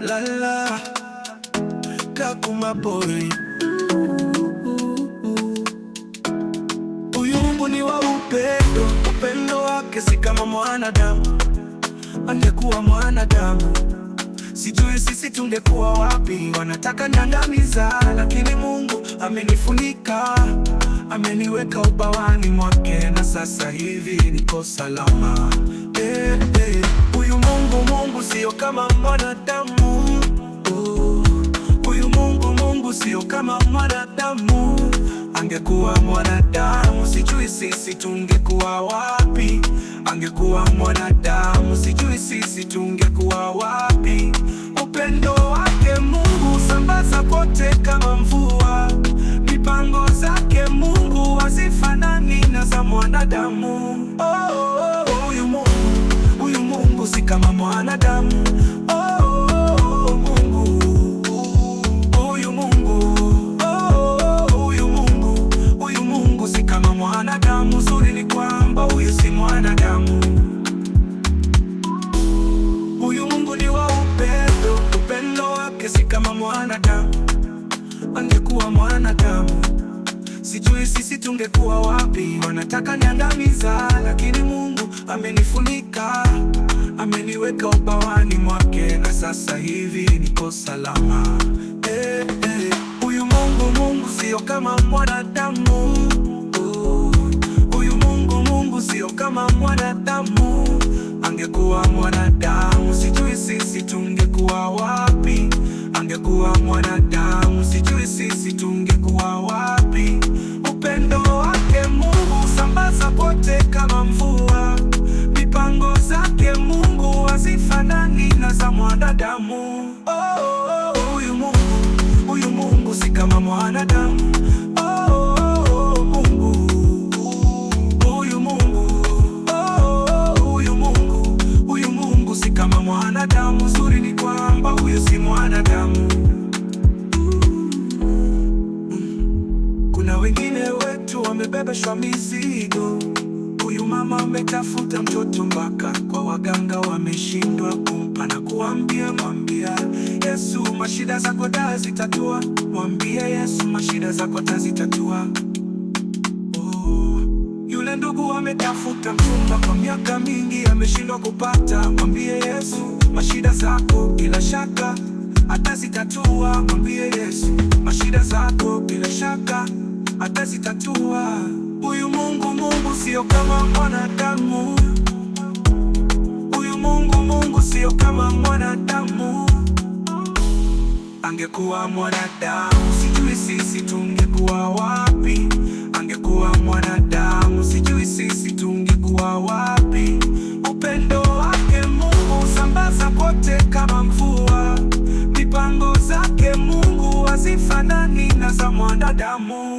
la kakuma boy Uyumbu ni wa upendo, upendo wake si kama mwanadamu. Angekuwa mwanadamu, sijui sisi tungekuwa wapi. Wanataka nyangamiza lakini Mungu amenifunika, ameniweka ubawani mwake, na sasa hivi niko salama. Eh, eh. Uyu Mungu, Mungu siyo kama mwanadamu sio kama mwanadamu. Angekuwa mwanadamu, sijui sisi tungekuwa wapi. Angekuwa mwanadamu, sijui sisi tungekuwa wapi. Upendo wake Mungu sambaza kote kama mvua. Mipango zake Mungu hazifanani na za mwanadamu. Oh, oh, oh, oh huyu Mungu, huyu Mungu si kama mwanadamu. mwanadamu, zuri ni kwamba huyu si mwanadamu. Huyu Mungu ni wa upendo, upendo wake si kama mwanadamu. Angekuwa mwanadamu, sijui sisi tungekuwa wapi. Wanataka niandamiza lakini Mungu amenifunika, ameniweka upawani mwake, na sasa hivi niko salama. Eh, eh, huyu Mungu, Mungu sio kama mwanadamu kama mwanadamu. Angekuwa mwanadamu, sijui sisi tungekuwa wapi. Angekuwa mwanadamu, sijui sisi tungekuwa wapi. Upendo wake Mungu sambaza Ufahamu mzuri ni kwamba huyo si mwanadamu. Kuna wengine wetu wamebebeshwa mizigo. Huyu mama ametafuta mtoto mpaka kwa waganga, wameshindwa kumpa na kuambia, mwambia Yesu mashida zako tazitatua, mwambia Yesu mashida zako tazitatua. Oh, yule ndugu ametafuta mchumba kwa miaka mingi ameshindwa kupata, mwambie Yesu. Mashida zako bila shaka atazitatua, mwambie Yesu. Mashida zako bila shaka atazitatua. Huyu Mungu, Mungu sio kama mwanadamu. Huyu Mungu, Mungu sio kama mwanadamu. Angekuwa mwanadamu, sijui sisi tungekuwa wapi. Adamo